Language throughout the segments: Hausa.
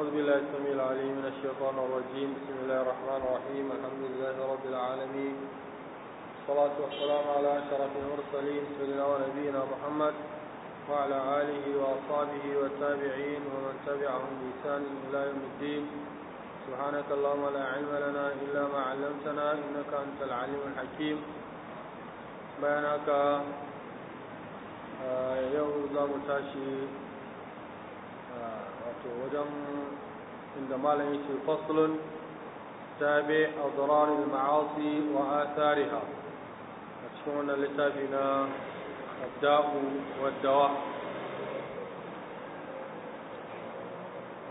أعوذ بالله السميع العليم من الشيطان الرجيم بسم الله الرحمن الرحيم الحمد لله رب العالمين والصلاة والسلام على أشرف المرسلين سيدنا ونبينا محمد وعلى آله وأصحابه والتابعين ومن تبعهم بإحسان إلى يوم الدين سبحانك اللهم لا علم لنا إلا ما علمتنا إنك أنت العليم الحكيم بينك آه، يوم لا متاشي to wajen inda malam yake faslun tabi adrar maasi wa asariha a cikin wannan littafi na abda'u wa dawa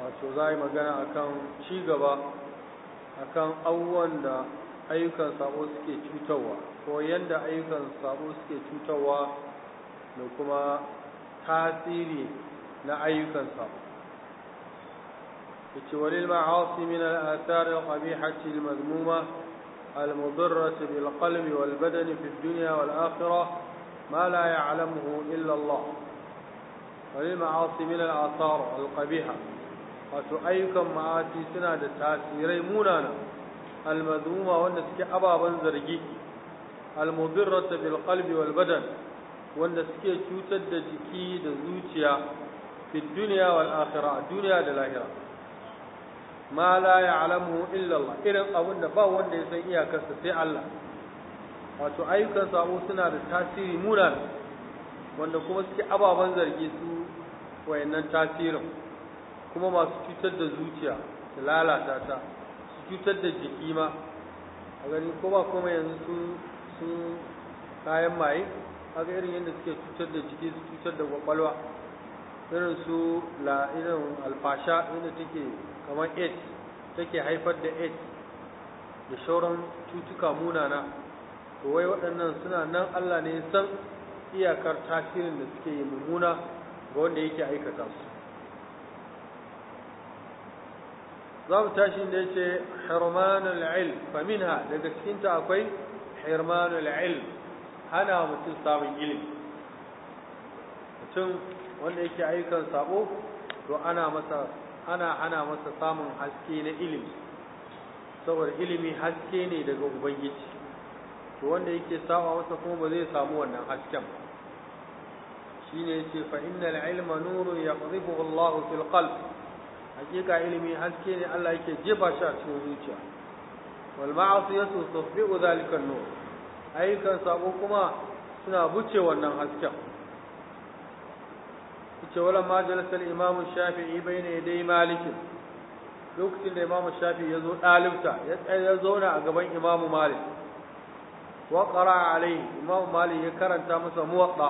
wato za yi magana akan ci gaba akan abubuwan da ayyukan sabo suke cutarwa ko yadda ayyukan sabo suke cutarwa da kuma tasiri na ayyukan sabo وللمعاصي من الآثار القبيحة المذمومة المضرة بالقلب والبدن في الدنيا والآخرة ما لا يعلمه إلا الله وللمعاصي من الآثار القبيحة وتؤيكم معاتي سنة تاسيري مونانا المذمومة والنسك أبا بنزرجي المضرة بالقلب والبدن والنسك يتوتد جكي دزوتيا في الدنيا والآخرة الدنيا للآخرة ma la ya'lamu illa Allah irin abin da ba wanda ya san iyakarsa sai Allah wato ayyukan sabo suna da tasiri munan wanda kuma suke ababen zargi su wayannan tasirin kuma masu cutar da zuciya su lalata ta su cutar da jiki ma a gani ko ba kuma yanzu sun sun kayan maye kaga irin yadda suke cutar da jiki su cutar da kwakwalwa irin su la alfasha inda take kamar aids take haifar da aids da shauran cutuka munana to wai waɗannan suna nan Allah ne san iyakar tasirin da suke yi mummuna ga wanda yake aikata su za mu tashi da yace hirmanul ilm fa minha daga cikinta ta akwai hirmanul ilm hana mutum samun ilimi mutum wanda yake ayyukan sabo to ana masa ana hana masa samun haske na ilimi saboda ilimi haske ne daga ubangiji to wanda yake sawa masa kuma ba zai samu wannan hasken shine yace fa innal ilma nuru yaqdhibu Allah fil qalb hakika ilimi haske ne Allah yake jefa shi a cikin zuciya wal ma'asiyatu tusbi'u dhalika an-nur ayyukan sabo kuma suna buce wannan hasken cewa ma jalasa al-imam shafi'i bayna yaday malik lokacin da imam shafi'i yazo dalibta ya tsaya ya zauna a gaban imam malik wa qara alai imam malik ya karanta masa muwatta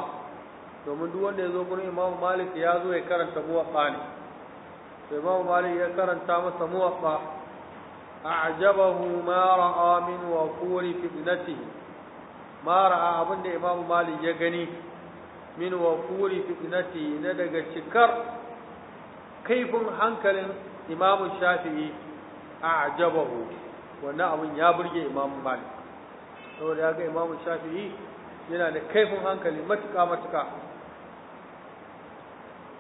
domin duk wanda yazo gurin imam malik ya zo ya karanta muwatta ne to imam malik ya karanta masa muwatta a'jabahu ma ra'a min wa quri fitnatihi ma ra'a abinda imam malik ya gani min wakuri fitnati na daga cikar kaifin hankalin imamu shafi'i a a'jabahu wannan abin ya burge imamu malik saboda ya ga imamu shafi'i yana da kaifin hankali matuka matuka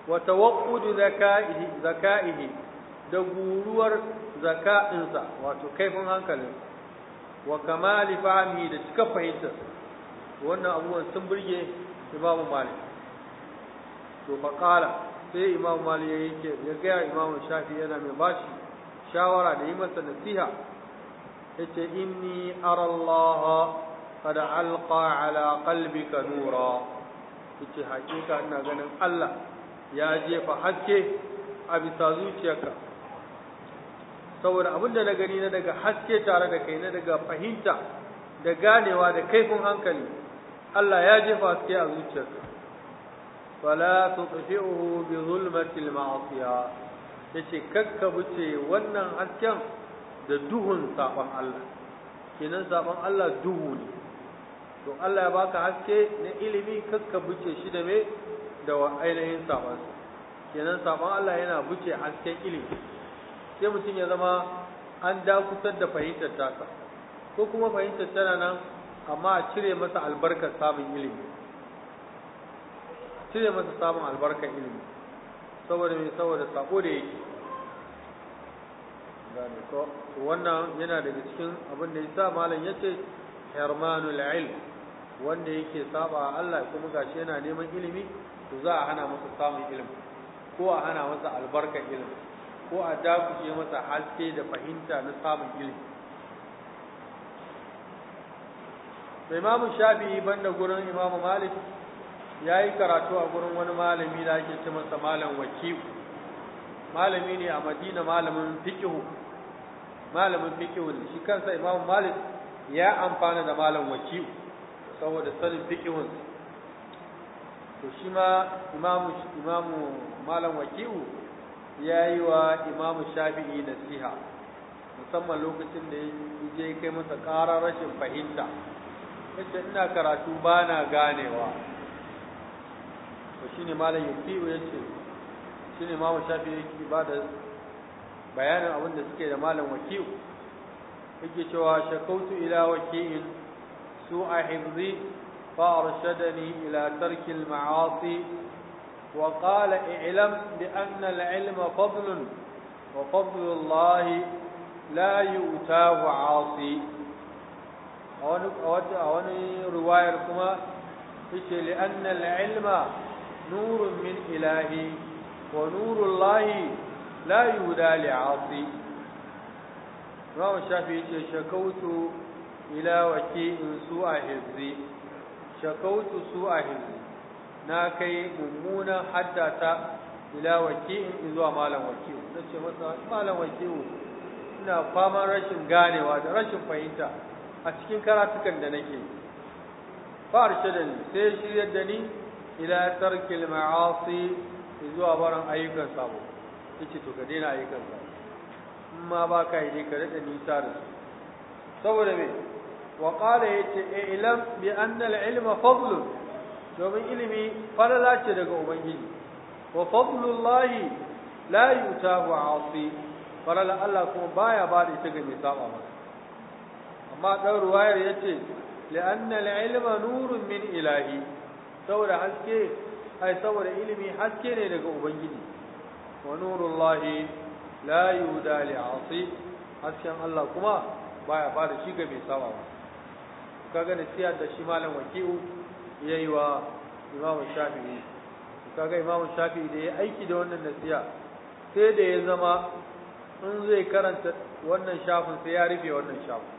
wata waƙudu zaka'ihi da guruwar zaka'insa wato kaifin hankalin wa kamali fahimi da cika fahimtar wannan abubuwan sun burge imamu malik to fa kala sai imamu malik ya yake ya ga imamu shafi yana mai bashi shawara da yi masa nasiha yace inni ara Allah qad alqa ala qalbika nura yace hakika ina ganin Allah ya jefa haske a bisa zuciyarka saboda abin da na gani na daga haske tare da kai na daga fahimta da ganewa da kaifin hankali Allah ya jefa haske a zuciyarsa fala su uhu bi zulmatil ma'asiya ce, kakka buce wannan hasken da duhun saɓon Allah kenan saɓon Allah duhu ne to Allah ya baka haske na ilimi kakka buce shi da me da ainihin sabansa kenan saɓon Allah yana buce hasken ilimi sai mutum ya zama an dakutar da fahimtar taka ko kuma fahimtar tana nan amma a cire masa albarkar samun ilimi cire masa samun albarkar ilimi saboda mai saboda sako da yake gane to wannan yana daga cikin abin da yasa malam ya ce hermanul ilm wanda yake saba Allah kuma gashi yana neman ilimi to za a hana masa samun ilimi ko a hana masa albarkar ilimi ko a dakushe masa haske da fahimta na samun ilimi imamu shafi'i banda gurin imamu malik ya yi karatu a gurin wani malami da ake ce masa malam wakiu malami ne a madina malamin fikihu malamin fikihu ne shi kansa imamu malik ya amfana da malam wakiu saboda sanin fikihun to shi ma imamu imamu malam wakiu ya yi wa imamu shafi'i nasiha musamman lokacin da ya je kai masa ƙarar rashin fahimta yace ina karatu bana ganewa to shine malam yuqiu yace shine ma mu shafi yake ba bayanin abin da suke da malam wakiu yake cewa shakautu ila wakiin su'a hifzi wa qala i'lam bi anna al بأن fadlun wa fadlu allahi la yu'tahu 'asi a wani ruwayar kuma yake li'anna ilma nurun min ilahi wa nurun lahi la yuhda li'asi Imam Shafi ce, shakautu ila su a hizri shakautu a hizri na kai mummunan haddata ila in zuwa malam waki'u ce masa malam waki'u ina faman rashin ganewa da rashin fahimta a cikin karatukan da nake farshadani sai shiryar da ni ila tarkil ma'asi zuwa barin ayyukan sabo yace to ka daina ayyukan sabo amma ba ka yi ka rada nisa da su saboda me wa qala yace ilam bi anna al ilma fadl domin ilimi falala ce daga ubangiji wa fadlullahi la yutabu asi falala Allah kuma baya ba da ita ga mai saba amma dan ruwayar yace li'anna al'ilma nurun min ilahi saboda haske ai saboda ilimi haske ne daga ubangiji wa nurullahi la yuda asi hasken Allah kuma baya fara shi ga mai sawa ba kaga siyar da shi malam wakiu yayi wa imamu shafi'i kaga imamu shafi'i da ya aiki da wannan nasiya? sai da ya zama in zai karanta wannan shafin sai ya rufe wannan shafin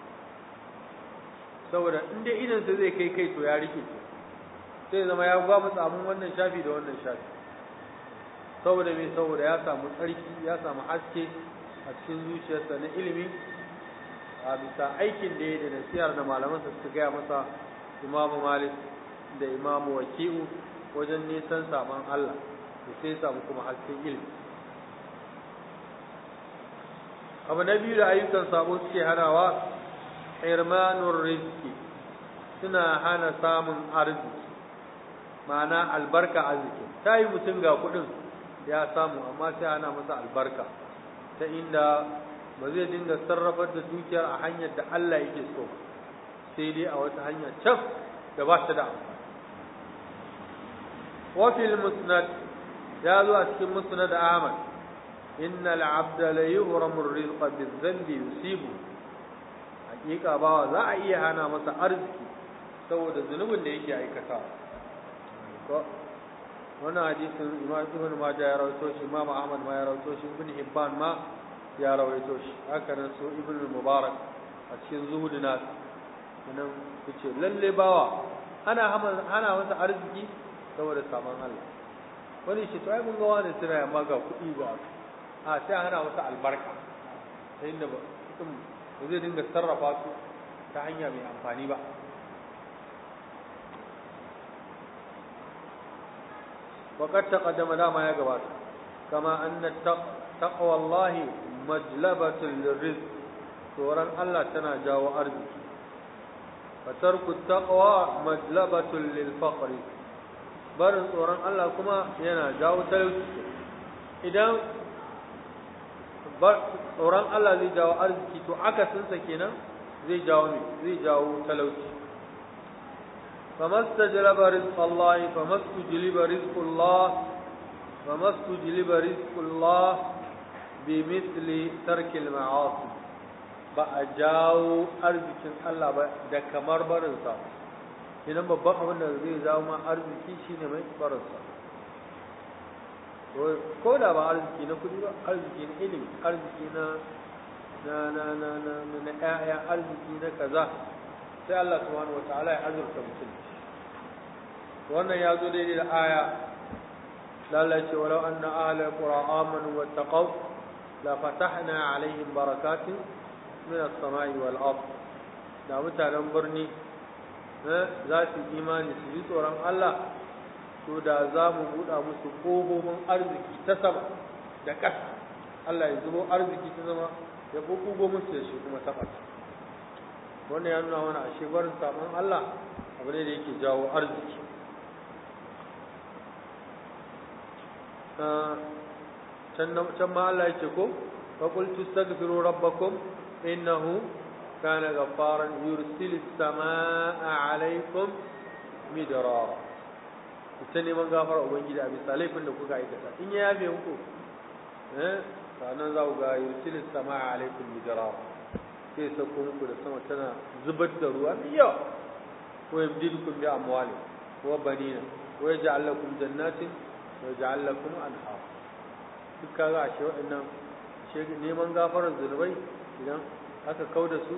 saboda in dai idan zai kai kai to ya rike sai zama ya gwamu tsamin wannan shafi da wannan shafi saboda me saboda ya samu tsarki ya samu haske a cikin zuciyarsa na ilimi a bisa aikin da ya da nasiyar da malamansa suka gaya masa imamu malik da imamu waki'u wajen nisan saban Allah da sai samu kuma hasken ilimi abu na biyu da ayyukan sabo suke hanawa irmanun rizki suna hana samun arziki ma'ana albarka arziki ta yi mutum ga kudin ya samu amma sai ana masa albarka ta inda ba zai dinga sarrafar da dukiyar a hanyar da Allah yake so sai dai a wata hanya can da ba ta da amfani wa fil musnad ya zo a cikin musnad Ahmad innal abda la rizqa bizanbi yusibu hakika bawa za a iya hana masa arziki saboda zunubin da yake aikata wannan hadisin imam ibn majah ya rawaito shi imam ahmad ma ya rawaito shi ibn hibban ma ya rawaito shi haka nan su ibn mubarak a cikin zuhud na nan yace lalle bawa ana hana masa arziki saboda saman Allah wani shi to ai mun ga wani suna yamma ga kuɗi ba a sai hana masa albarka ta da ba ba zai dinga sarrafa su ta hanya mai amfani ba faƙar taƙaddama dama ya gabata kama an taƙawallahi majalabatun lirriz tsoron Allah tana jawo arziki fatar ku taƙawa majalabatun lilfaƙari barin tsoron Allah kuma yana jawo talauci idan tsoron Allah zai jawo arziki to aka sunsa kenan zai jawo ne zai jawo talauci famastu jiliba rizkullahi famastu jiliba rizkullahi famastu jiliba rizkullahi bi misli tarkil ma'asu ba a jawo arzikin Allah ba da kamar barinsa idan babban abin da zai jawo ma arziki shine mai barinsa ko da ba arziki na kudi ba arziki na ilimi arziki na na na na na na ƴaƴa arziki na kaza sai Allah subhanahu wataala ya azurta mutum wannan ya zo daidai da aya Lallai, ce walau anna ahla amanu wattaqaw la fatahna alaihim barakatin min as-sama'i wal ard da mutanen birni eh, za su imani su ji tsoron Allah to da za mu buɗa musu ƙofofin arziki ta sama da ƙasa Allah ya zubo arziki ta sama ya ƙoƙo musu da shi kuma ta ƙasa wannan ya nuna wani ashe barin saman Allah abu ne da yake jawo arziki can ma Allah yake ko فقلت استغفروا ربكم إنه كان غفارا يرسل السماء عليكم مدرارا ku ta neman gafara ubangiji a bisa laifin da kuka aikata in ya yabe muku eh sanan za ku ga yursilis samaa alaikum mijra sai sako muku da sama tana zubar da ruwa mai yawa ko yabdilukum bi amwali ko banina wa yaj'al lakum jannatin wa yaj'al kun anhar duk kaga ashe waɗannan neman gafarar zunubai idan aka kauda su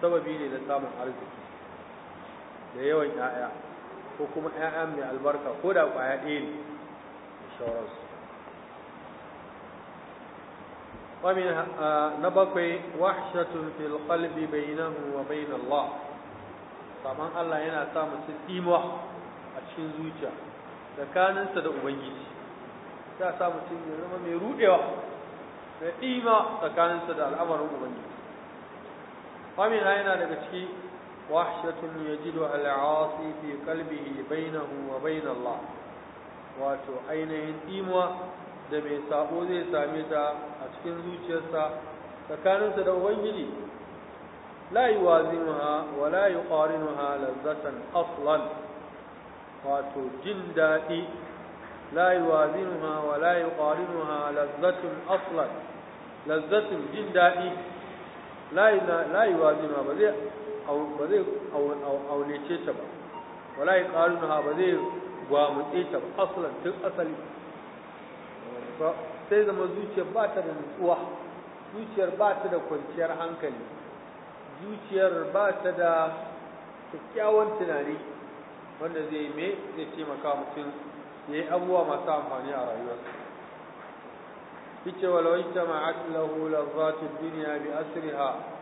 sababi ne na samun arziki da yawan 'ya'ya ko kuma ƴaƴa mai albarka ko da ƙwaya ɗaya ne da shawararsu bakwai, نبقي وحشة في القلب bai وبين الله saman Allah yana sa mutum tsimuwa a cikin zuciya tsakaninsa da Ubangiji ya sa mutum ya zama mai rudewa da tsima tsakaninsa da al'amarin Ubangiji Famina yana daga ciki وحشة يجدها العاصي في قلبه بينه وبين الله wato ainihin imuwa da mai sabo zai sami ta a cikin zuciyarsa tsakaninsa da ubangiji la yuwazinuha wa la yuqarinuha lazzatan aslan wato jin daɗi la yuwazinuha wa la yuqarinuha lazzatun aslan lazzatun jin daɗi la yuwazinuha ba zai ba zai aulace ta ba wala ya ƙaru na ba zai gwamutse ta ba asalan tun asali sai zama zuciyar ba ta da nutsuwa zuciyar ba ta da kwanciyar hankali zuciyar ba ta da kyakkyawan tunani wanda zai me zai taimaka mutum ya yi abubuwa masu amfani a rayuwarsa yace walau ijtama'at lahu lazzatid dunya bi asriha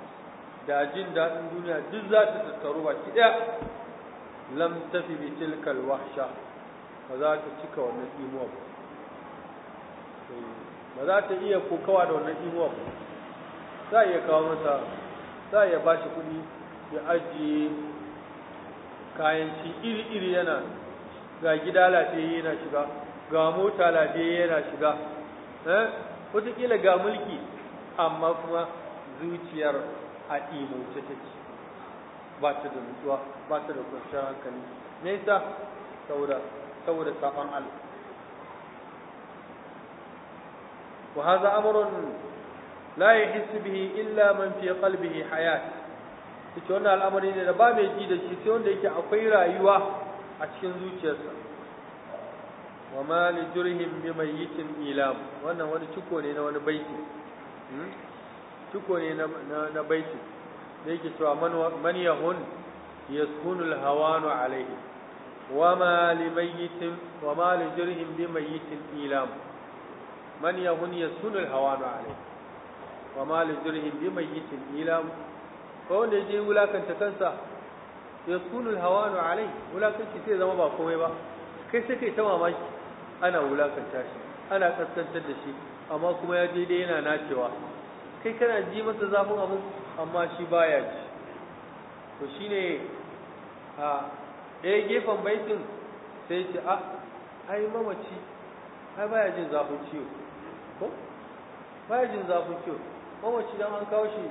da jin daɗin duniya duk za ta tattaru ki ɗaya lam tafi bi tilkal wahsha ba za ta cika wannan imuwa ba eh, ba za ta iya kokawa da wannan imuwa ba za iya kawo masa za iya ba shi kuɗi ya ajiye kayan ci iri-iri yana ga gida lafiya yana shiga ga mota lafiya yana shiga kila eh, ga mulki amma kuma zuciyar a imauce ce, ba ta da nutsuwa ba ta da kwanciyar hankali me yasa saboda saboda saban Allah wa hadha amrun la yahissu bihi illa man fi qalbihi hayat ita wannan al'amari ne da ba mai ji da shi sai wanda yake akwai rayuwa a cikin zuciyarsa wa ma li jurhim bi mayyitin ilam wannan wani ciko ne na wani baiti hmm? tuko ne na baiti da yake cewa man yahun yaskunu alhawanu alaihi ma li jirhin bi mayyitin ilam man yahun yaskunu alhawanu alaihi jirhin bi mayyitin ilam ko wanda ya je wulakanta kansa yaskunu alhawanu alaihi wulakanta sai zama ba komai ba kai sai kai ta mamaki ana wulakanta shi ana kaskantar da shi amma kuma ya je dai yana nacewa kai kana ji masa zafin abin amma shi baya ji to shine a ɗaya gefen baitin sai ce a ah, ai mamaci ai baya jin zafin ciwo ko baya jin zafin ciwo mamaci dan an kawo shi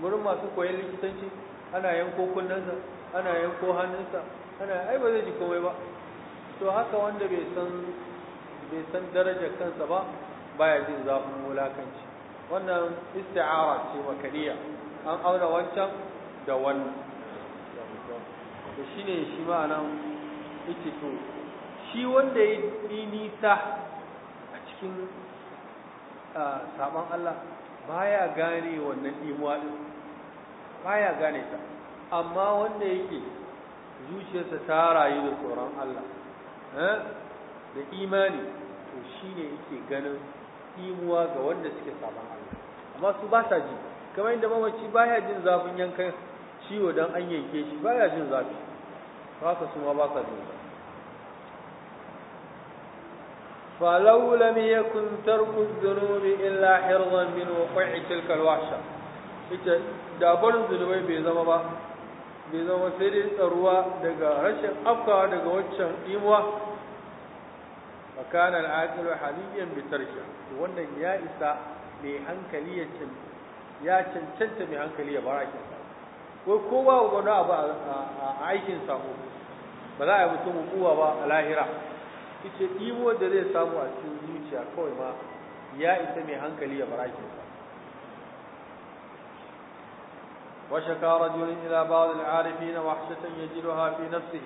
wurin masu koyon likitanci ana yanko kunnensa ana yanko hannunsa ana ai ba zai ji komai ba to haka wanda bai san bai san darajar kansa ba baya jin zafin wulakanci wannan isti'ara ce makariya an auna wancan da wannan da shi ne shi ma'anan yake to shi wanda ya yi nisa a cikin saban Allah baya gane wannan imuwa din baya gane ta amma wanda yake zuciyarsa ta rayu da tsoron Allah eh, da imani to shine yake ganin imuwa ga wanda suke saban Masu ba sa ji kamar inda mamaci ba ya jin zafin yankan ciwo dan an yanke shi Ba ya jin zafi haka su ma ba sa jin zafi فلو لم يكن ترك الذنوب إلا حرزا من وقوع تلك الوحشة ita da zunubai bai zama ba bai zama sai dai tsaruwa daga rashin afkawa daga waccan imuwa makanan aqilu haliyan bitar shi. wannan ya isa mai hankali ya ya cancanta mai hankali ya bar aikin ko kowa wani abu a aikin samu ba za a yi mutum hukuwa ba a lahira ita imo da zai samu a cikin zuciya kawai ma ya isa mai hankali ya bara aikin sa وشكى رجل إلى بعض العارفين وحشة يجدها في نفسه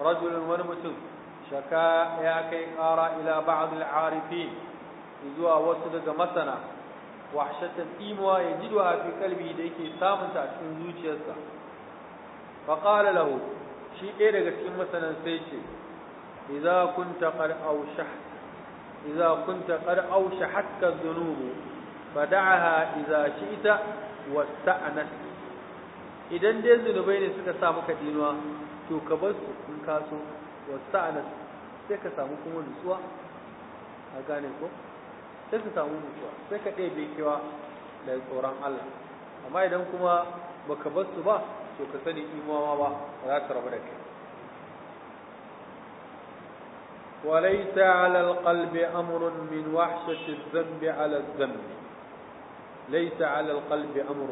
رجل ونمت ya يا كي ila إلى بعض العارفين zuwa wasu daga masana wahshatan imuwa ya ji da fi kalbi da yake samunta a cikin zuciyarsa faƙala lahu shi ɗaya daga cikin masanan sai ce idza kunta qad awshah idza kunta qad awshahatka dhunubu fad'aha idza shi'ta wasta'nas idan dai zunubai ne suka sa maka dinuwa to ka bar su in ka so wasta'nas sai ka samu kuma nutsuwa a gane ko sai samu mutuwa sai ka ɗebe kewa daga tsoron Allah amma idan kuma baka bar su ba to ka sani imama ba za ka rabu da kai وليس على القلب أمر من وحشة الذنب على الذنب ليس على القلب أمر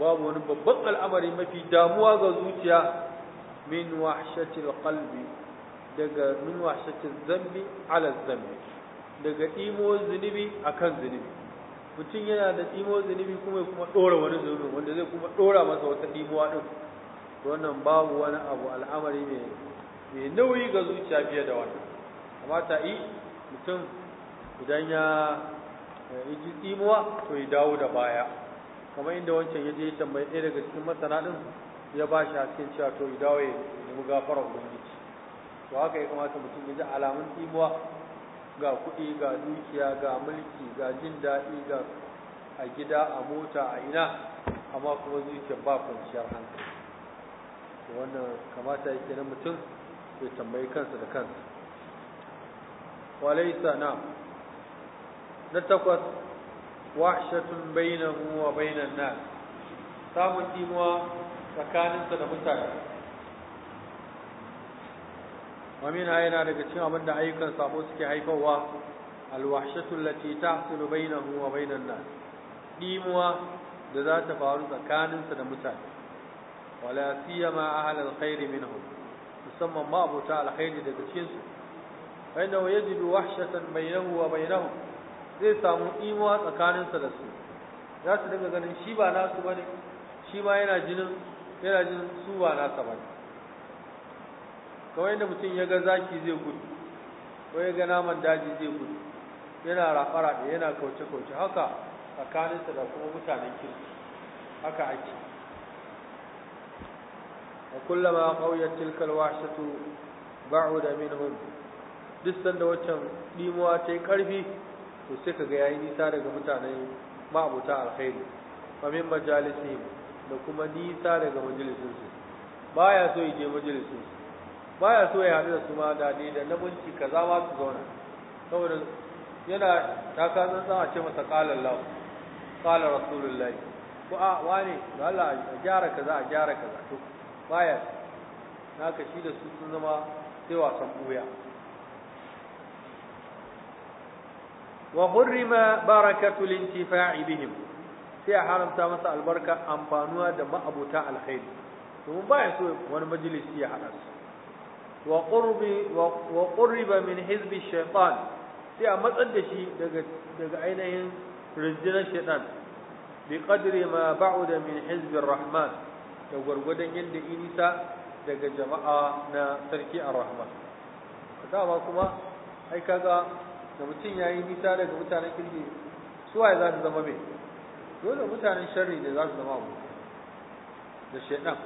باب ونبقى الأمر ما في داموا غزوتيا من وحشة القلب دقى من وحشة الذنب على الذنب daga ɗimo zunubi akan zunubi mutum yana da ɗimo zunubi kuma ya kuma ɗora wani zunubi wanda zai kuma ɗora masa wata ɗimuwa ɗin wannan babu wani abu al'amari mai nauyi ga zuciya fiye da wannan amma ta yi mutum idan ya yi ɗimuwa to ya dawo da baya kamar inda wancan ya je ya tambayi ɗaya daga cikin masana ɗin ya ba shi hasken cewa to ya dawo ya nemi gafarar ubangiji to haka ya kamata mutum ya ji alamun ɗimuwa ga kuɗi ga dukiya ga mulki ga jin daɗi ga a gida a mota a ina amma kuma ke ba kwanciyar hankali wannan kamata yake na mutum ya tambayi kansa da kansa walaisa na na takwas wahshatun bainahu wa bainan nas samun timuwa tsakaninsa da mutane ومنها yana daga cikin abin da ayyukan sabo suke haifarwa alwahshatu allati tahsulu bainahu wa bainan nas dimuwa da za ta faru tsakaninsa da mutane wala siyama ahal alkhair minhum musamman ma abota alkhairi daga cikin su fa innahu yajidu wahshatan bainahu wa bainahum zai samu imuwa tsakaninsa da su za su dinga ganin shi ba nasu bane shi ma yana jinin yana jinin su ba nasa bane kawai da mutum ya ga zaki zai gudu ko ya ga naman daji zai gudu yana rafara da yana kauce-kauce haka tsakaninsa da kuma mutanen kirki haka ake a kullama ƙauyen tilkar washatu ba'u da minhum duk sanda waccan ɗimuwa ta yi ƙarfi to sai ka ga yayi nisa daga mutanen ma'abuta alkhairi famin min majalisi da kuma nisa daga majalisinsu baya so ya je majalisinsu baya so ya hadu da su ma da ne da namunci kaza ma su zauna saboda yana taka tsantsan a ce masa ƙalar lau ƙalar rasulullahi ko a wane da Allah a gyara kaza a gyara kaza to baya naka shi da su sun zama sai wasan buya wa hurrima barakatul intifa'i bihim sai a haramta masa albarka amfanuwa da ma'abuta alkhairi domin baya so wani majalisi ya haɗa su wa qurbi wa qurriba min hizbi shaitan sai a matsar da shi daga daga ainihin rinjinar shaitan bi qadri ma ba'uda min hizbi rahman da gwargwadon yadda inisa daga jama'a na sarki ar-rahman dama kuma ai kaga da mutum yayi nisa daga mutanen kirki suwaye za su zama mai dole mutanen sharri da za su zama abu da shaitan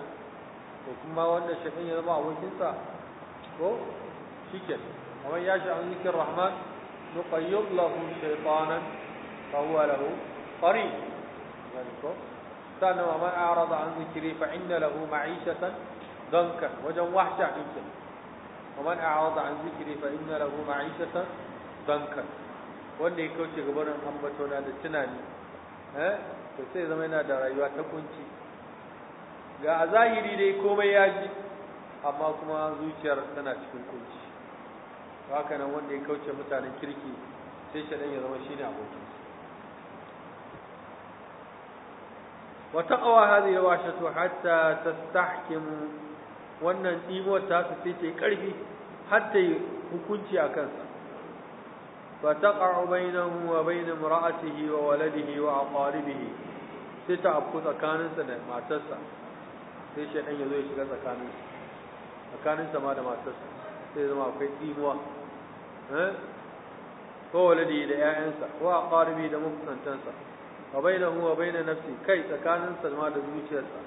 ko kuma wanda shaitan ya zama abokinsa ko shike amma ya sha an zikir rahman nuqayyid lahu shaytanan fa huwa lahu qarin ko sanna wa man a'rada an zikri fa inna lahu ma'ishatan danka wajen wahsha dinka wa man a'rada an zikri fa inna lahu ma'ishatan danka wanda ya kauce gaban ambato na da tunani eh to sai zama yana da rayuwa ta kunci ga a zahiri dai komai ya ji amma kuma zuciyar tana cikin kunci haka nan wanda ya kauce mutanen kirki sai shaɗan ya zama shine abokin wa taqwa hadhihi washatu hatta tastahkim wannan ɗimuwar ta su sai ta karfi har ta yi hukunci a kansa fa taqa'u bainahu wa bain imra'atihi wa waladihi wa aqaribihi sai ta afku tsakaninsa da matarsa sai shi ya zo ya shiga tsakaninsa tsakanin sama da matarsa sai zama akwai tsibuwa eh? ko walidi da 'ya'yansa ko a da makusantansa wa bainahu wa baina nafsi kai tsakanin salma da zuciyarsa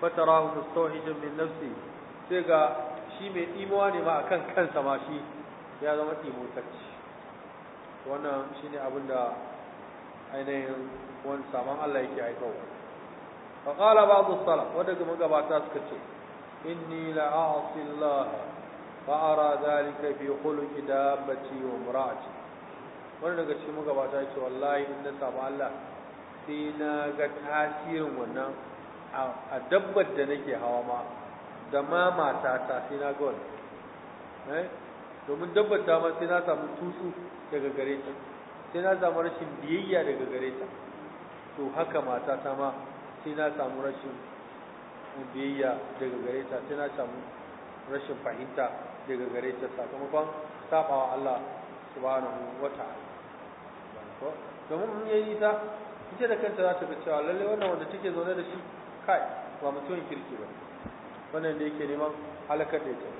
fatarahu mustawhijan min nafsi sai ga shi mai tsimuwa ne ma akan kansa ma shi ya zama tsibotacci wannan shine abin da ainihin wani saman Allah yake aikawa fa qala ba'd as-salaf wadda magabata suka ce إني لأعصي الله فأرى ذلك في خلق دابتي ومرأتي wani daga cikin magabata ce wallahi in na samu Allah sai na ga tasirin wannan a dabbar da nake hawa ma da ma matata sai na ga wannan domin dabbar ta ma sai na samu tusu daga gare ta sai na samu rashin biyayya daga gare ta to haka matata ma sai na samu rashin samu biyayya daga gare ta sai na samu rashin fahimta daga gare ta sakamakon sabawa Allah subhanahu wata'ala domin in yayi ta ita da kanta za ta ga cewa lalle wannan wanda take zaune da shi kai ba mutumin kirki ba wannan da yake neman halakar da ita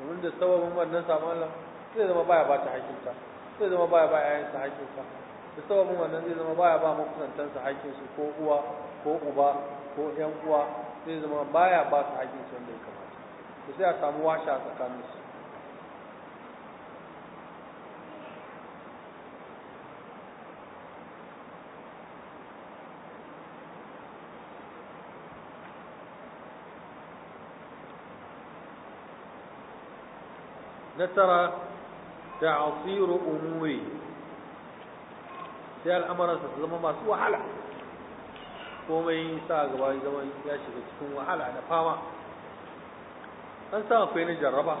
domin da sababin wannan samu Allah zai zama baya ba ta hakinta zai zama baya ba yayansa hakinta, da sababin wannan zai zama baya ba makusantansa hakinsu ko uwa ko uba ko ƴan uwa sai zama baya ba su haƙin su wanda ya kamata to sai a samu washa a tsakanin su na tara da umuri sai al'amuransa su zama masu wahala komai sa gaba zama ya shiga cikin wahala da fama an sa akwai na jarraba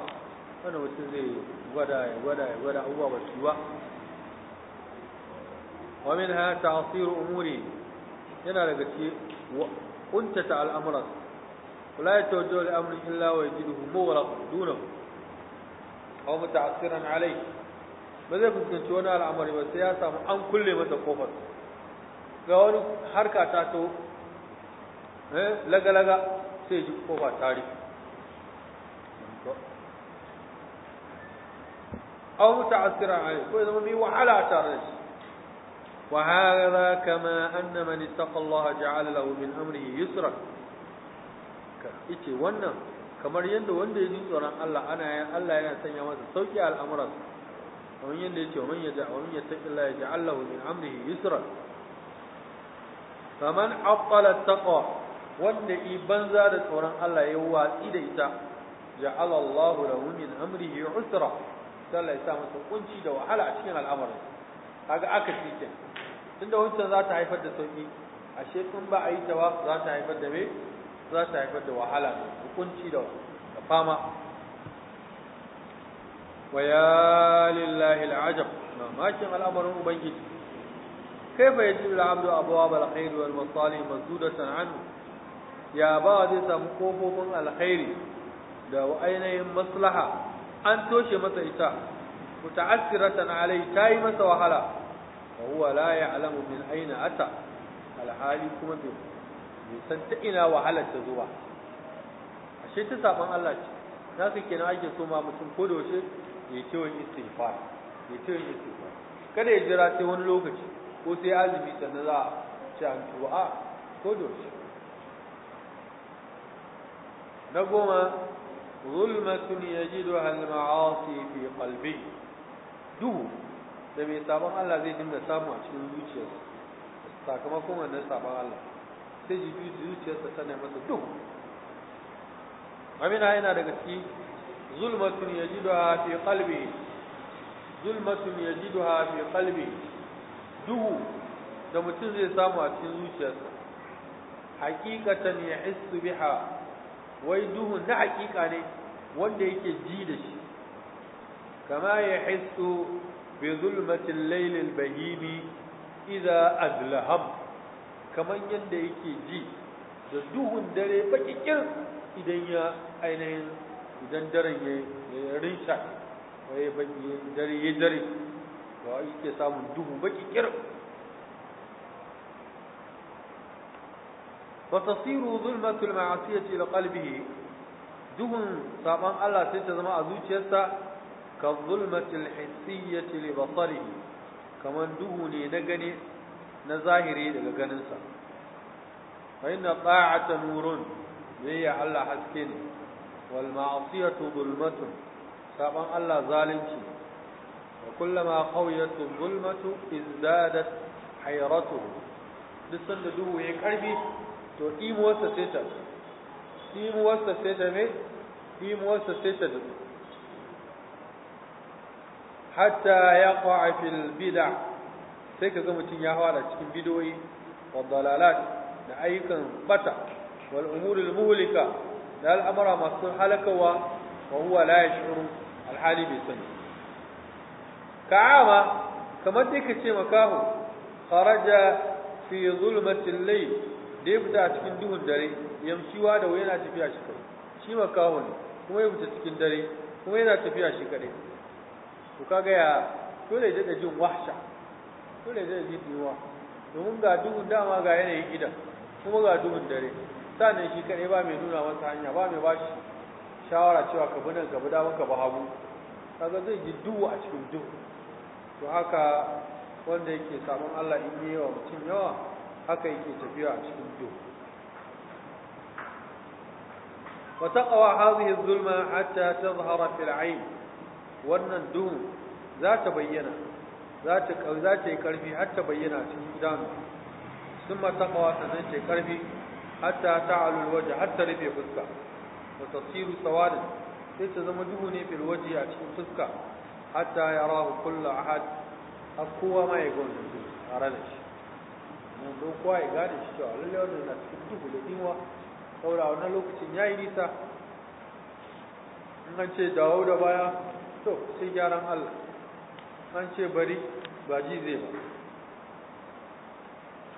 wanda mutum zai gwada ya gwada ya gwada abubuwa ba su ba wa min ha ta'sir umuri yana daga cikin kuntata al'amuran ولا يتوجه الأمر إلا ويجده مغلق دونه أو متعثرا عليه ba zai fuskanci wani al'amari ba sai ya samu an kulle masa kofar ga wani harka ta to eh, laga-laga sai ji kofa tari aw a عليه ko zama mai wahala tare da shi أن من kama الله جعل له Allah أمره يسرا min وانا كما ite wannan kamar yadda wanda ya ji tsoron Allah ana sanya masa sauki al'amuran kamar yadda yake wa man yaja yusra faman aqala taqwa wanda i banza da tsoron Allah ya watsi da ita ja'ala Allahu lahu min amrihi usra sallah ya sa masa kunci da wahala a cikin al'amarin kaga aka tike tunda wancan za ta haifar da sauki ashe kun ba a yi tawa za ta haifar da me za ta haifar da wahala da kunci da fama wa ya lillahi al'ajab mamakin al'amarin ubangiji كيف يجد العبد أبواب da والمصالح ya ba يا بعض سمقوفهم الخير da ainihin maslaha an toshe masa ita muta'assiratan alai tayi masa wahala wa huwa la ya'lamu aina ata alhali kuma bai san ta ina wahala ta zuwa ashe ta saban Allah ce zaka kenan ake so ma mutum ko da yaushe ya ce ya ce wa istighfar kada ya jira sai wani lokaci ko sai azumi sannan za a ci an tuwo ko doshi na goma zulmatun yajidu al-ma'asi fi kalbi duhu da mai sabon Allah zai dinga samu a cikin zuciyarsa sakamakon wannan sabon Allah sai ji zuciyarsa tana masa duhu amina yana daga ciki zulmatun da fi qalbi zulmatun yajiduha fi kalbi duhu da mutum zai samu a cikin zuciyarsa haƙiƙatan ya yahis biha wai duhu na haƙiƙa ne wanda yake ji da shi kama ya yahisu bi zulmatin lailin bahimi iza azlaham kaman yadda yake ji da duhun dare bakikin idan ya ainihin idan daren ya rinsa. wai dare ya dare ba shi ke samun duhu baki kir fa tasiru zulmatul ma'asiyati da kalbihi duhun saban Allah sai ta zama a zuciyarsa ka zulmatil hissiyyati da basarihi kaman duhu ne na gane na zahiri daga ganinsa fa inna ta'ata nurun biyya Allah haske ne wal ma'asiyatu zulmatun saban Allah zalunci وكلما قويت الظلمة ازدادت حيرته duk sanda duhu ya karfi to imuwarsa sai ta imuwarsa sai ta me imuwarsa sai ta duk hatta ya kwa'a fil bida sai ka ga mutum ya da cikin bidoyi wa da ayyukan bata wal umurul muhlika da al'amara masu halakawa wa huwa la yash'uru al hali bai sani ka'ama kamar dai ka ce makaho kharaja fi zulmatil layl da ya fita a cikin duhun dare yamshiwa da yana tafiya shi kai shi makaho ne kuma ya fita cikin dare kuma yana tafiya shi kadai to kaga ya dole da jin wahsha dole da jin diwa domin ga duhun dama ga yanayin gidan kuma ga duhun dare sanin shi kadai ba mai nuna masa hanya ba mai bashi shawara cewa ka bi nan ka bi dama ka bi hagu kaga zai ji duhu a cikin duhu to haka wanda yake samun Allah in yi wa mutum yawa haka yake tafiya a cikin biyu? wa taqwa hadhihi zulma hatta ta fil ayn wannan duhu za ta bayyana za ta za ta yi karfi har ta bayyana cikin idanu summa taqwa sannan ta karfi hatta ta'alu alwajh hatta rufe fuska wa tasiru sawadan sai ta zama duhu ne fil a cikin fuska hatta yarahu kullu ahad har kowa ma ya ga wannan duhu tare shi mun zo kowa ya gane shi cewa lalle wannan na cikin duhu da dinwa saboda wannan lokacin yayi nisa in an ce dawo da baya to sai gyaran Allah an ce bari ba ji zai ba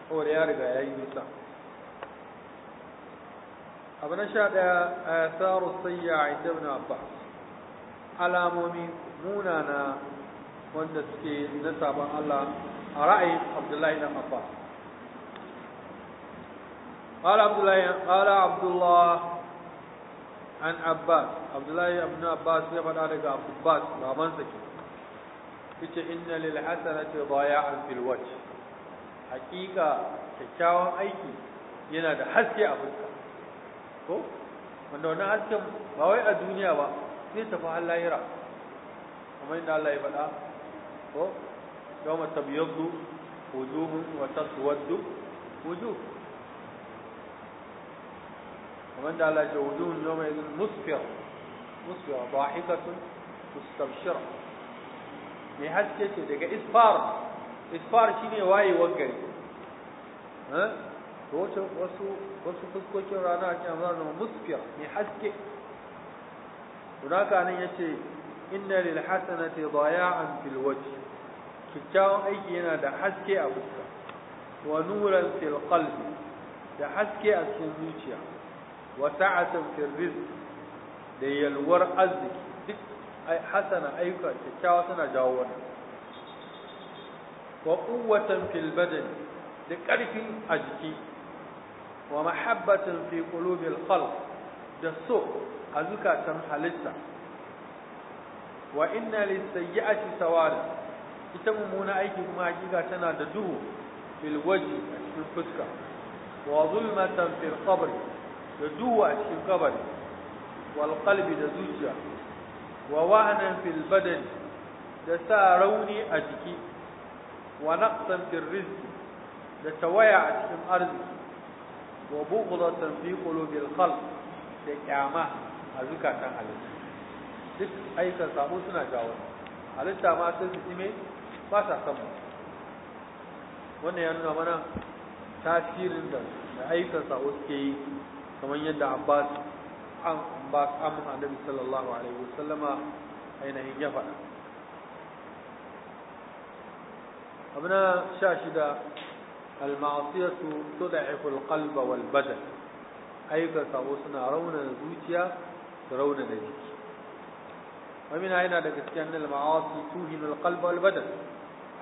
saboda ya riga yayi nisa abu na sha ɗaya a yasaru sayya a ibn ba. alamomi munana wanda suke na sabon Allah a ra'ayin Abdullahi dan Abbas قال عبد الله Abdullahi عبد الله Abdullahi, عباس عبد الله ابن عباس ya faɗa daga Abbas baban sa ke na inna lil hasanati daya'an fil wajh hakika kyakkyawan aiki yana da haske a fuska ko wanda wannan hasken ba wai a duniya ba zai tafi har lahira kamar yadda Allah ya faɗa ko yawma tabyaddu wujuhun wa taswaddu wujuh kamar yadda Allah ya ce wujuhun yawma idhin musfira musfira dahikatun mustabshira mai haske ce daga isfar isfar shine wayewar gari to wasu wasu fuskokin rana a cikin zama musfira mai haske Tunaka nan ya ce inna lil hasanati dhaya'an fil wajh kikkiawan aiki yana da haske a fuska wa nuran fil qalbi da haske a cikin zuciya wa sa'atan fil rizq da yalwar arziki duk hasana ayyuka kikkiawa suna jawo wannan wa quwwatan fil badan da ƙarfi a jiki wa mahabbatan fi qulubil khalq da so a zukatan halitta wa inna lisayyi'ati sawara ita mummuna aiki kuma hakika tana da duhu fil waji a cikin fuska wa zulmatan fil qabr da duhu a cikin kabari wal qalbi da zuciya wa wa'nan fil badan da sa rauni a jiki wa naqsan fil rizqi da tawaya a cikin arziki wa bughdatan fi qulubil khalq da kyama a zukatan halittu duk ayyukan samu suna jawo halitta ma sun su ime ba sa samu wannan ya nuna mana tasirin da ayyukan sabo suke yi kamar yadda Abbas an Abbas amma Annabi sallallahu alaihi wasallama ainihin ya faɗa abu na sha shida al su tud'ifu al-qalba wal badan ayyukan sabo suna raunana zuciya da raunana jiki ومنها yana daga cikin annal ma'asi tuhinu alqalb wal badan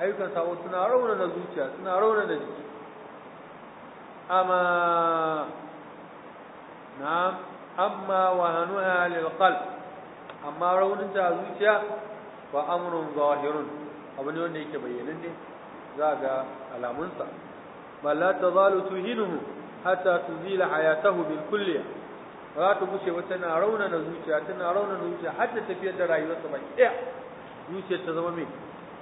ayyukan sabo suna rauna na zuciya suna rauna na jiki amma na'am amma wahanuha lil qalb amma raunin ta zuciya fa amrun zahirun abu ne wanda yake bayyana ne za ga alamunsa balla tazalu tuhinuhu hatta tuzila hayatahu bil kulliyah za ta gushe ba tana raunana zuciya tana raunana zuciya har ta tafiyar da rayuwarsa ba ɗaya zuciya ta zama mai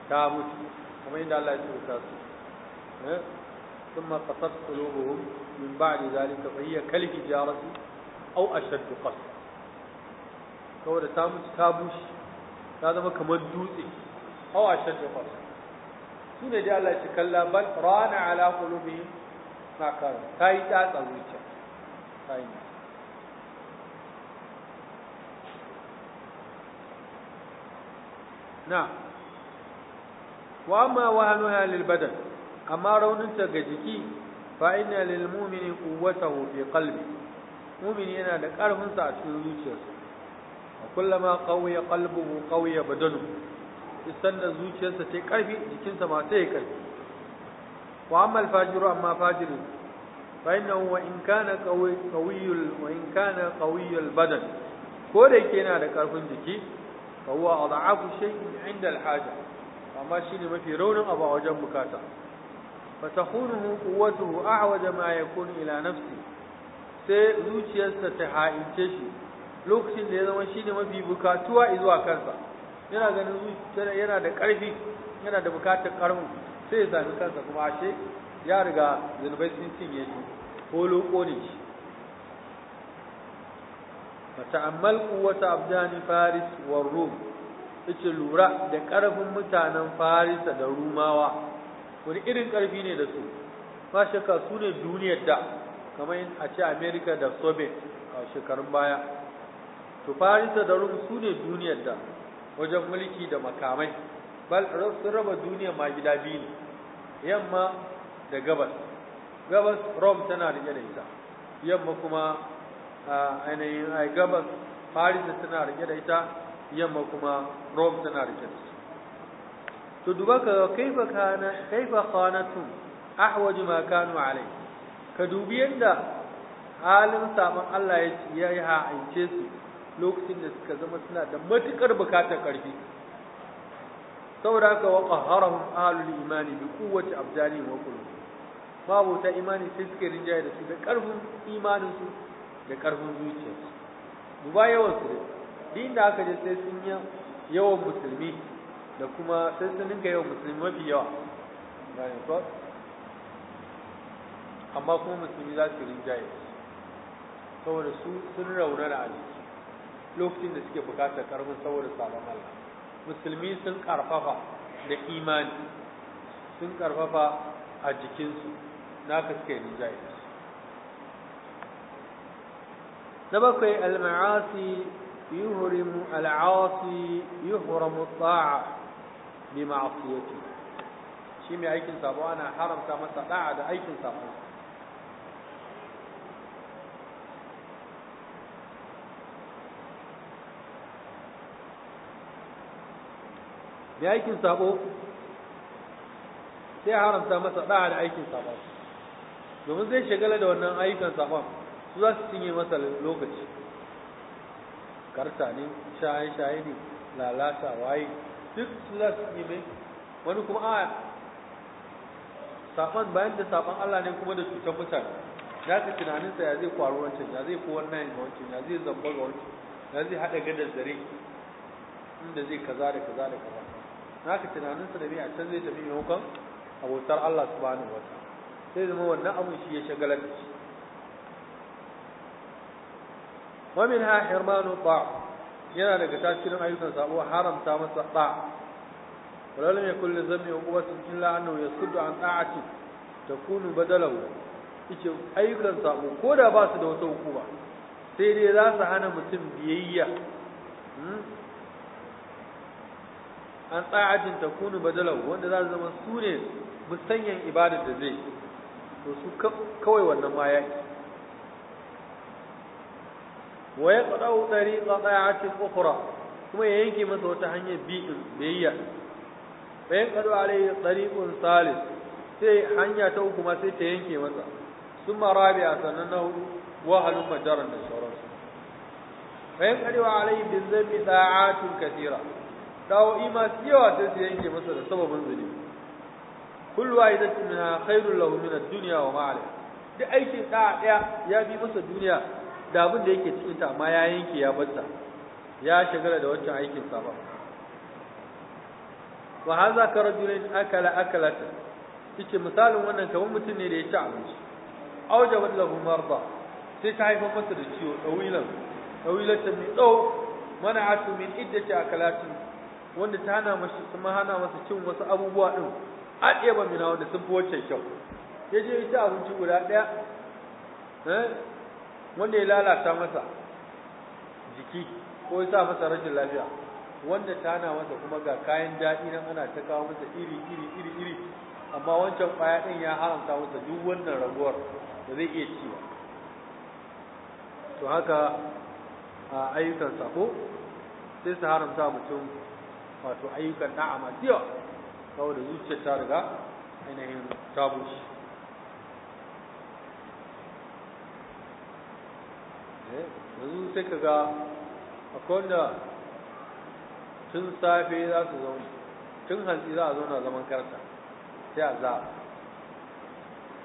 ta mutu kamar yadda Allah ya tsoro su ثم قصت قلوبهم من بعد ذلك فهي كالحجارة أو أشد قسوة saboda ta mutu ta bushe ta zama kamar dutse aw ashad da qas su ne da kalla bal rana ala qulubihim ta yi na wa amma ya lil badan amma rauninta ga jiki fa inna lil mu'mini quwwatahu fi qalbi mu'min yana da karfin sa a cikin zuciyarsa wa kullama qawiya qalbuhu qawiya badanuhu isan da zuciyarsa ta karfi jikinsa ma sai ya karfi wa amma al fajiru amma fajiru fa innahu wa in kana qawiyul wa in kana qawiyul badan ko da yake yana da karfin jiki fa huwa ad'afu shay'in 'inda al-haja amma shine mafi raunin abu a wajen bukata fa tahunuhu quwwatuhu a'wada ma yakun ila nafsi sai zuciyarsa ta ha'ince shi lokacin da ya zama shine mafi bukatuwa zuwa kansa yana ganin zuciya yana da ƙarfi yana da bukatar karmu sai ya sami kansa kuma ashe ya riga zunubai sun cinye shi ko loko fata'ammal quwwata abdani faris war rum yace lura da karfin mutanen farisa da rumawa wani irin karfi ne da su ba shakka su ne duniyar da kamar a ce america da soviet a shekarun baya to farisa da rum su ne duniyar da wajen mulki da makamai bal sun raba duniya ma gida biyu ne yamma da gabas gabas rom tana rike da ita yamma kuma ainihin a gabas Paris suna rike da ita yamma kuma Rome suna rike da to duba ka kaifa kana kaifa khanatu ahwaju ma kanu alai ka dubi yadda halin saban Allah ya yi ha'ance su lokacin da suka zama suna da matukar bukatar karfi saboda haka wa qaharahum ahlul imani bi quwwati abdani wa qulubi babu ta imani sai suke rinjaye da su da karfin imanin su da ƙarfin zuciyarsu duba yawan su din da aka je sai sun yi yawan musulmi da kuma sai sun dinga yawan musulmi mafi yawa bayan ko amma kuma musulmi za su rinjaye saboda su sun rauna a jiki lokacin da suke bukatar ƙarfin saboda sabon Allah musulmi sun karfafa da imani sun karfafa a jikinsu Na suka yi rinjaye su na bakwai al-ma'asi yuhrimu al-'asi yuhramu at-ta'a bi ma'siyati shi mai aikin sabo ana haramta masa da'a da aikin sabo mai aikin sabo sai haramta masa da'a da aikin sabo domin zai shagala da wannan ayyukan sabon su za su cinye masa lokaci karta ne shaye-shaye ne lalata waye duk su za su cinye mai wani kuma a saban bayan da saban Allah ne kuma da cutar mutane ya ka tunaninsa ya zai kwaro wancan ya zai kowar nayin ga wancan ya zai zamba ga wancan ya zai haɗa gadar zare inda zai kaza da kaza da kaza na ka tunaninsa da mai a can zai tafi maimakon abotar Allah ba ni wata. sai zama wannan abin shi ya shagalar da shi wa minha hirmanu ta yana daga tasirin ayyukan sabo haramta masa ta ولو لم يكن لذنب عقوبة إلا أنه يصد عن طاعته تكون بدله yace ayyukan sabo ko da ba su da wata hukuma sai dai za su hana mutum biyayya an tsa'atin ta kunu badalau wanda za su zama sune ne musanyan ibadar da zai to su kawai wannan ma yaki wa yaqta'u tariqa ta'atin ukhra kuma ya yanke masa wata hanyar bi'in biyayya ya yanqadu alayhi tariqun salis sai hanya ta hukuma sai ta yanke masa sun mara biya sannan na hudu wa halum majaran da sauransu fa yanqadu alayhi bizzabi ta'atun kasira dawo ima yawa sai su yanke masa da sababin zuri kullu wahidatin minha khairul lahu min ad-dunya wa ma duk aikin ɗaya ya bi masa duniya da abin da yake cikin ta amma ya yanke ya batta ya shagala da wancan aikin sa ba wa hadha ka rajulin akala akalatan yace misalin wannan kamar mutum ne da ya ci abinci auja wallahu marda sai ta haifa masa da ciwo dawilan dawilatan min daw mana'atu min iddati akalatin wanda ta hana masa kuma hana masa cin wasu abubuwa din adiya ba mina wanda sun fi wacce kyau yaje ci abinci guda ɗaya. Eh, wanda ya lalata masa jiki ko ya sa masa rashin lafiya wanda ta na masa kuma ga kayan daɗi nan ana ta kawo masa iri iri iri iri amma wancan ƙwaya ɗin ya haramta masa duk wannan raguwar da zai iya ci ba to haka a ayyukan sako sai su haramta mutum wato ayyukan na'ama diyawa saboda zuciyar ta riga ainihin ta yanzu sai ka ga akwai wanda tun safe za su zauna tun hantsi za a zauna zaman karta sai a za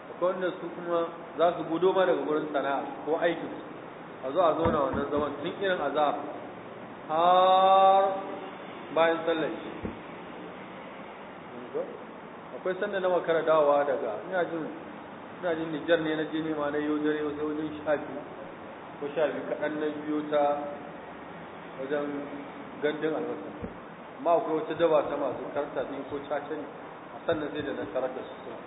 A wanda su kuma za su gudo ma daga wurin sana'a ko aikin a zo a zauna wannan zaman tun irin za har bayan sallar shi akwai sanda na makara dawowa daga ina jin Nijar ne na je ma na yau dare wasu wajen shafi. ko sha biyu kaɗan na biyo ta wajen gandun albasa amma akwai wata daba ta masu karta ɗin ko caca ne a sannan zai da na karar su suna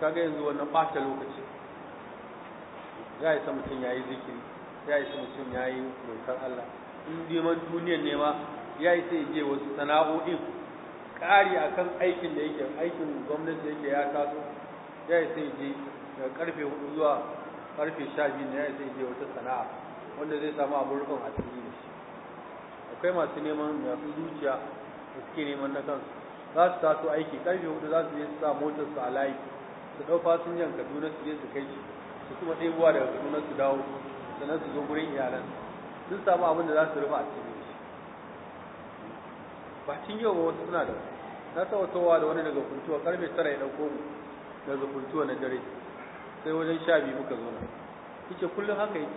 kaga yanzu wannan ɓata lokaci ya yi mutum ya yi zikiri ya yi mutum ya yi bautar Allah in neman duniyar nema ya yi sai je wasu sana'o'in ƙari a kan aikin da yake aikin gwamnati yake ya taso ya yi sai je daga karfe hudu zuwa karfe sha biyu na ya yi sai je wata sana'a wanda zai samu abin rufin a cikin da shi akwai masu neman masu zuciya da suke neman na kansu za su taso aiki karfe hudu za su je su sa motar su a layi su ɗau fasinjan kaduna su je su kai shi su kuma ɗebuwa daga kaduna su dawo sannan su zo gurin iyalan sun samu abin da za su rufa a cikin shi ba cin yau ba wasu suna da wasu na taɓa da wani daga kuntuwa karfe tara ya ɗauko mu daga kuntuwa na dare sai wajen sha biyu muka zo nan yace kullum haka yake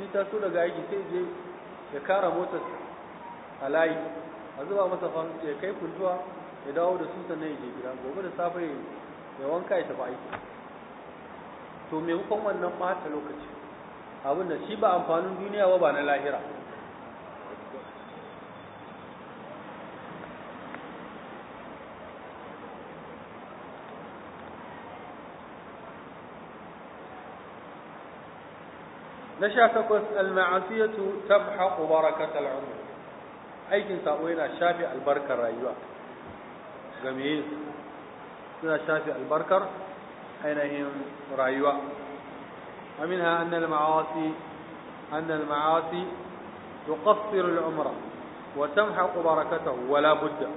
ni ta so daga aiki sai je ya kara motar a layi a zuba masa fan ya kai kuntuwa ya dawo da su sannan ya je gida gobe da safe ya wanka ya tafi aiki to me hukun wannan ta lokaci abin da shi ba amfanin duniya ba ba na lahira نشاكك المعاصية تمحق بركة العمر أي كنت أقول شافع البركر رأيوا جميل هذا شافع البركر حينهم رأيوا ومنها أن المعاصي أن المعاصي تقصر العمر وتمحق بركته ولا بد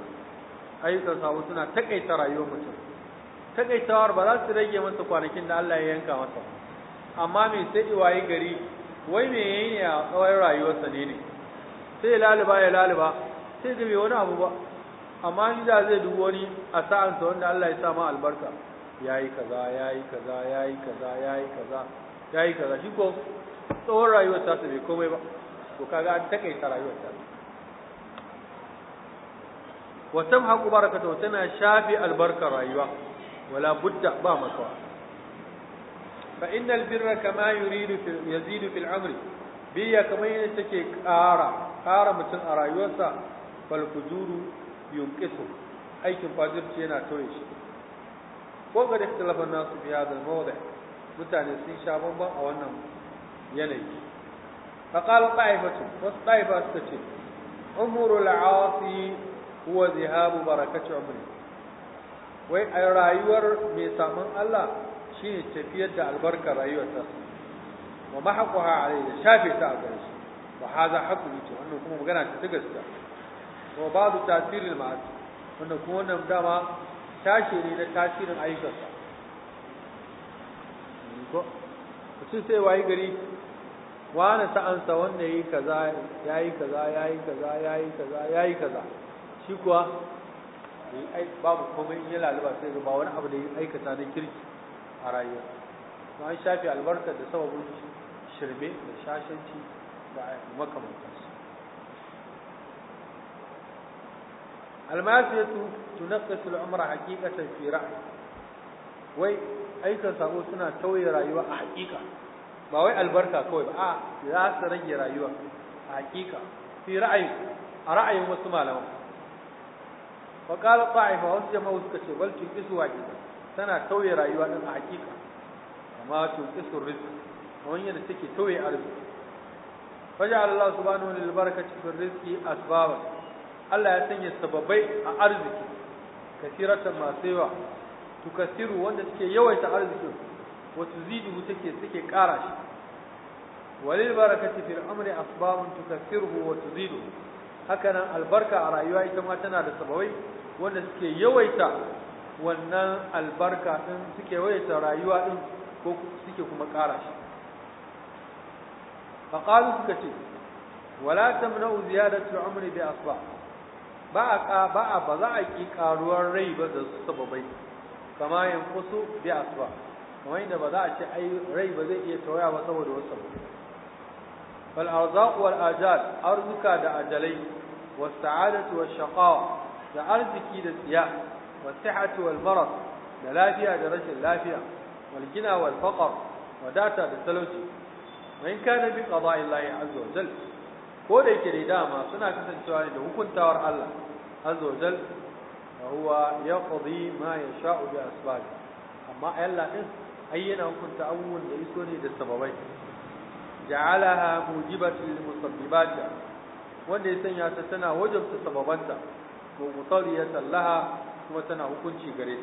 أي تصاوتنا تقيت رأيوا متر تقيت أربع لا تريجي من تقوانك إن الله ينكى amma mai sai iwaye gari wai me yayi ne a tsawon rayuwarsa ne ne sai ya laliba ya laliba. sai ga mai wani abu ba amma ni da zai dubi wani a sa'ansa wanda Allah ya sa ma albarka yi kaza yi kaza yi kaza yi kaza yi kaza shi ko tsawon rayuwar ta bai komai ba to kaga an takaita rayuwar ta wa tamhaqu barakatu tana shafi albarkar rayuwa wala budda ba makawa fa innal birra kama yuridu yazidu fil amri biyya kamar yadda take ƙara ƙara mutum a rayuwarsa bal fujuru yunqisu aikin fajirci yana tauye shi ko ga da talaban nasu biya da mawda mutane sun sha bamban a wannan yanayi fa qala qa'ifatu wasu qa'ifa suka ce umrul aasi huwa zihabu barakati umri wai a rayuwar mai saman Allah shine tafiyar da albarka rayuwar ta wa mahquha alayhi shafe ta a gare shi wa hadha haqqu ce wannan kuma magana ce ta gaskiya wa ba'du tasirin ma'asi wannan kuma wannan dama tashi ne na tasirin ayyukansa ko mutum sai wayi gari wani sa'ansa wanda ya yi kaza yayi kaza yayi kaza yayi kaza yayi kaza shi kuwa babu komai in ya laluba sai ba wani abu da ya aikata na kirki a rayuwa don an shafe albarka da sababin shirbe da shashanci da makamantansu almasiyatu tunaqqisu al-umra haqiqatan fi ra'yi wai aikan sabo suna tauye rayuwa a haƙiƙa ba wai albarka kawai ba a za su rage rayuwa a haƙiƙa fi ra'ayi a ra'ayin wasu malaman wa qala ta'ifa wasu jama'a suka ce bal tunqisu haqiqa tana tauye rayuwa din a hakika amma to kisur rizq wani yadda take tauye arziki faja Allah subhanahu lil barakati fil rizqi asbaban Allah ya sanya sababai a arziki kasiratan masu yawa tukasiru wanda suke yawaita arziki wa tuzidu take suke kara shi walil barakati fil amri asbabun tukasiruhu wa tuziduhu hakanan albarka a rayuwa ita ma tana da sababai wanda suke yawaita wannan albarka din suke waita rayuwa din ko suke kuma ƙara shi faqalu suka ce wala tamna'u ziyadatu umri bi asba ba a ba a ba za a ki karuwar rai ba da su sababai kama kusu bi asba kamar inda ba za a ce ai rai ba zai iya tawaya ba saboda wasu fal arzaq wal ajal arzuka da ajalai was sa'adatu was shaqa da arziki da tsiya والصحة والمرض دلافية درجة اللافية والجنى والفقر وداتا بالسلوسي وإن كان بقضاء الله عز وجل قول إجري داما سنة كسن سؤالي لو كنت ورع الله عز وجل وهو يقضي ما يشاء بأسباب أما إلا إن أين أو كنت أول ليسوني للسببين جعلها موجبة للمصببات وإن سنة سنة وجبت سببتا ومطالية لها kuma tana hukunci gare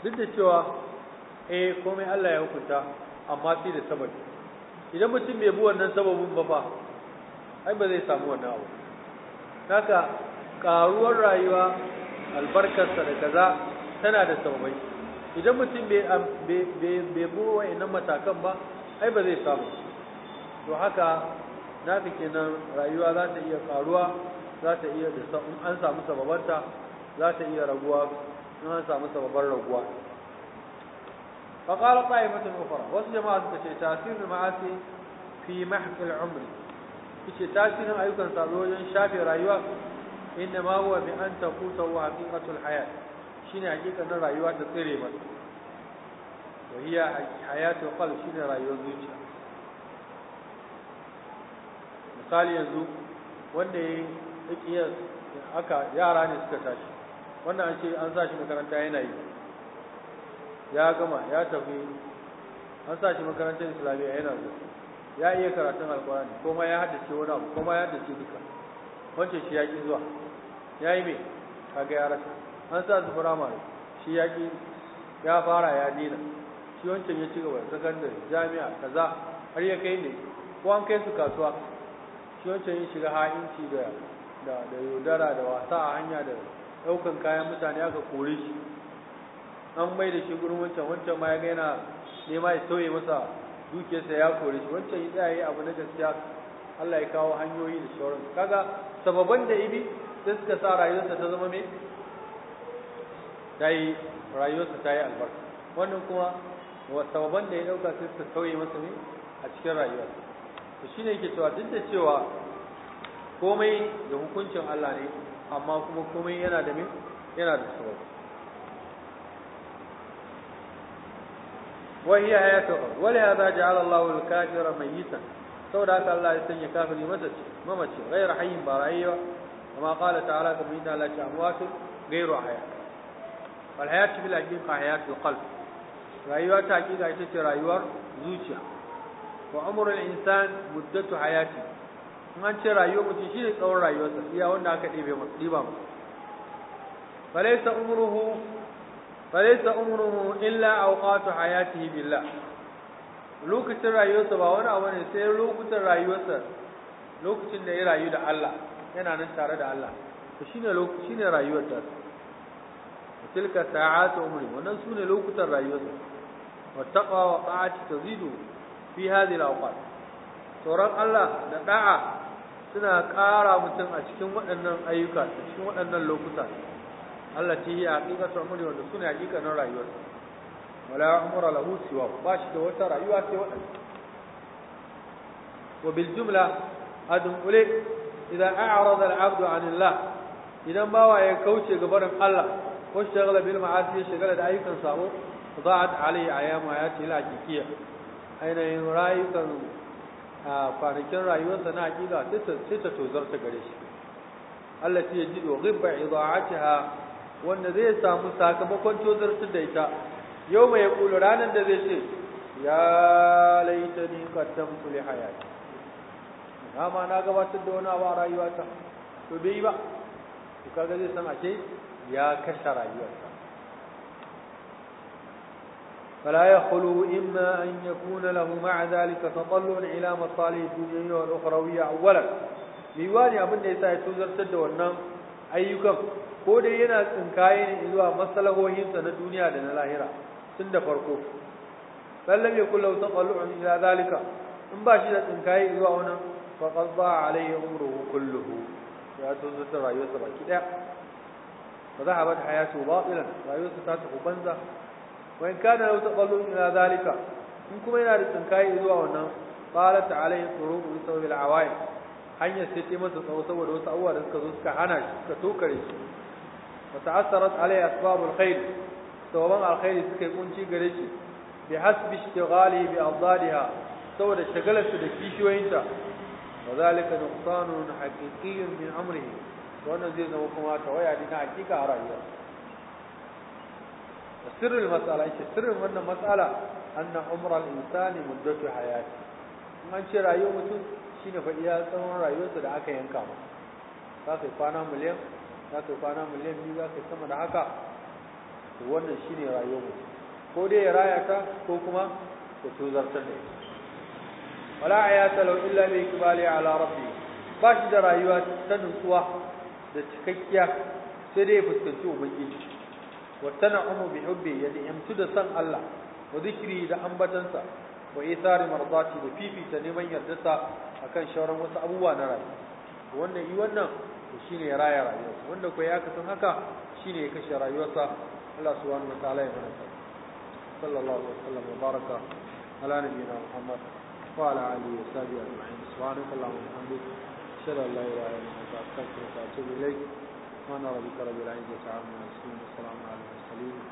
su duk da cewa eh komai Allah ya hukunta amma sai da sababi idan mutum bai bi wannan sababin ba fa ai ba zai samu wannan abu haka karuwar rayuwa albarkarsa da kaza tana da sababai idan mutum bai bi wannan matakan ba ai ba zai samu to haka naka kenan rayuwa za ta iya karuwa za ta iya da sa’un an samu sababarta za ta iya raguwa in an samu sababar raguwa ƙara qala mata ukhra wasu jama'a suka ce tasirin ma'asi fi mahaifin umri umr ce tasirin ayyukan sabo wajen shafe rayuwa inda ma huwa bi an taquta wa haqiqatu al shi ne haqiqanin rayuwa ta tsire mata wa hiya hayatu shi ne rayuwar zuciya misali yanzu wanda ya yi. tsakiyar aka yara ne suka tashi wannan an ce an sa shi makaranta yana yi ya gama ya tafi an sa shi makarantar islamiyya yana zuwa ya iya karatun alkurani kuma ya haddace wani abu kuma ya haddace duka wancan shi ya ƙi zuwa ya yi me kaga ya rasa an sa su mara shi ya ƙi ya fara ya dina shi wancan ya ci gaba sakandare jami'a kaza har ya kai ne ko an kai su kasuwa shi wancan ya shiga ha'inci da da da yaudara da wasa a hanya da daukan kayan mutane aka kore shi an mai da shi gurin wancan wancan ma ya ga yana nema ya sauye masa dukiyarsa ya kore shi wancan ya tsaya abu na gaskiya Allah ya kawo hanyoyi da sauran kaga sababan da ibi sai suka sa rayuwarsa ta zama me dai rayuwarsa ta yi albarka wannan kuma sababan da ya dauka sai suka sauye masa ne a cikin rayuwarsa to shine yake cewa duk da cewa komai da hukuncin Allah ne amma kuma komai yana da min yana da sababi wa hiya hayatu wa la hadha ja'ala Allah al-kafira mayyitan saboda haka Allah ya sanya kafiri masace mamace ghayra hayyin ba rayuwa kama qala ta'ala kuma inna la ta'muatu ghayru hayat wal hayatu bil haqiqa hayatul qalb rayuwa ta hakika ita ce rayuwar zuciya wa umrul insan muddatu hayati in an ce rayuwar mutum shi ne tsawon rayuwarsa iya wanda aka ɗebe masu ɗiba masa falaisa umruhu falaisa umruhu illa awqatu hayatihi billah lokacin rayuwarsa ba wani abu ne sai lokutan rayuwarsa lokacin da ya rayu da Allah yana nan tare da Allah to shine lokaci shine rayuwar ta tilka sa'atu umri wannan sune lokutan rayuwarsa wattaqa wa ta'ati tazidu fi hadhihi al-awqat tsoron Allah da da'a suna ƙara mutum a cikin waɗannan ayyuka a cikin waɗannan lokuta Allah ce yi haƙiƙa su amuri wanda suna haƙiƙa na rayuwarsa wala ya umura lahu siwa ba shi da wata rayuwa sai waɗanda wa bil jumla a dunkule idan da al-abdu anillah idan bawa ya kauce ga barin Allah ko shagala bil ma'asi shagala da ayyukan sabo za'at alayhi ayyamu ayati al-haqiqiyya ainihin rayukan a kwanakin rayuwarsa na haƙiƙa sai ta tozarta gare shi Allah ya ji do ghibba idaatiha wanda zai samu sakamakon tozar tozartar da ita yau mai yaqulu ranar da zai ce ya laitani qaddamtu li hayati ma na gabatar da wani abu a rayuwata to bai ba to kaga zai san ake ya kashe rayuwarsa فلا يخلو إما أن يكون له مع ذلك تطلع إلى مصالح الدنيا والأخروية أولا ليواني أبن إيسا يتوزر سد والنام أيكم ko dai yana tsinkaye ne zuwa maslahohinsa na duniya da na lahira tun da farko sallam ya kullu ila zalika in ba shi da tsinkaye zuwa wannan fa qad ba alayhi umruhu kulluhu ya tozo ta rayuwarsa baki daya fa zahabat hayatu batilan rayuwarsa ta tafi banza wa in kana lahu taqallub ila zalika in kuma yana da tsinkaye zuwa wannan qalat alayhi turuq bi sawbi al-awaid hanya sai ta masa tsawo saboda wasu abubuwa da suka zo suka hana shi suka tokare shi wa ta'assarat alayhi asbab al-khair sababan alkhairi suka yi kunci gare shi bi hasbi ishtighali bi afdaliha saboda shagalarsa da kishiyoyinta wa zalika nuqsanun haqiqiyyun min amrihi wannan zai zama kuma tawaya ne na hakika a rayuwa sirrin matsala yake sirrin wannan matsala anna umral insani muddatu hayati an ce rayuwar mutum shine fa iya tsawon rayuwarsa da aka yanka masa za ka kwana miliyan za ka kwana miliyan biyu za ka sama da haka to wannan shine rayuwar mutum ko dai ya raya ta ko kuma ya tozartar da ita wala ayata law illa bi kibali ala rabbi ba shi da rayuwa ta nutsuwa da cikakkiya sai dai ya fuskanci ubangiji wa umu bi hubbi ya ni'imtu da san Allah wa zikri da ambatansa wa isari marzati da fifita neman yardarsa akan shauran wasu abubuwa na rayuwa wanda yi wannan shine ya raya rayuwarsa wanda ko ya kasan haka shine ya kashe rayuwarsa Allah subhanahu wa ta'ala ya baraka sallallahu alaihi wasallam wa baraka ala nabiyina Muhammad wa ala alihi wa sahbihi ajma'in subhanakallahumma wa bihamdika ashhadu an la ilaha illa anta wa barakatuhu سبحان ربك رب العزة عما يصفون وسلام على المرسلين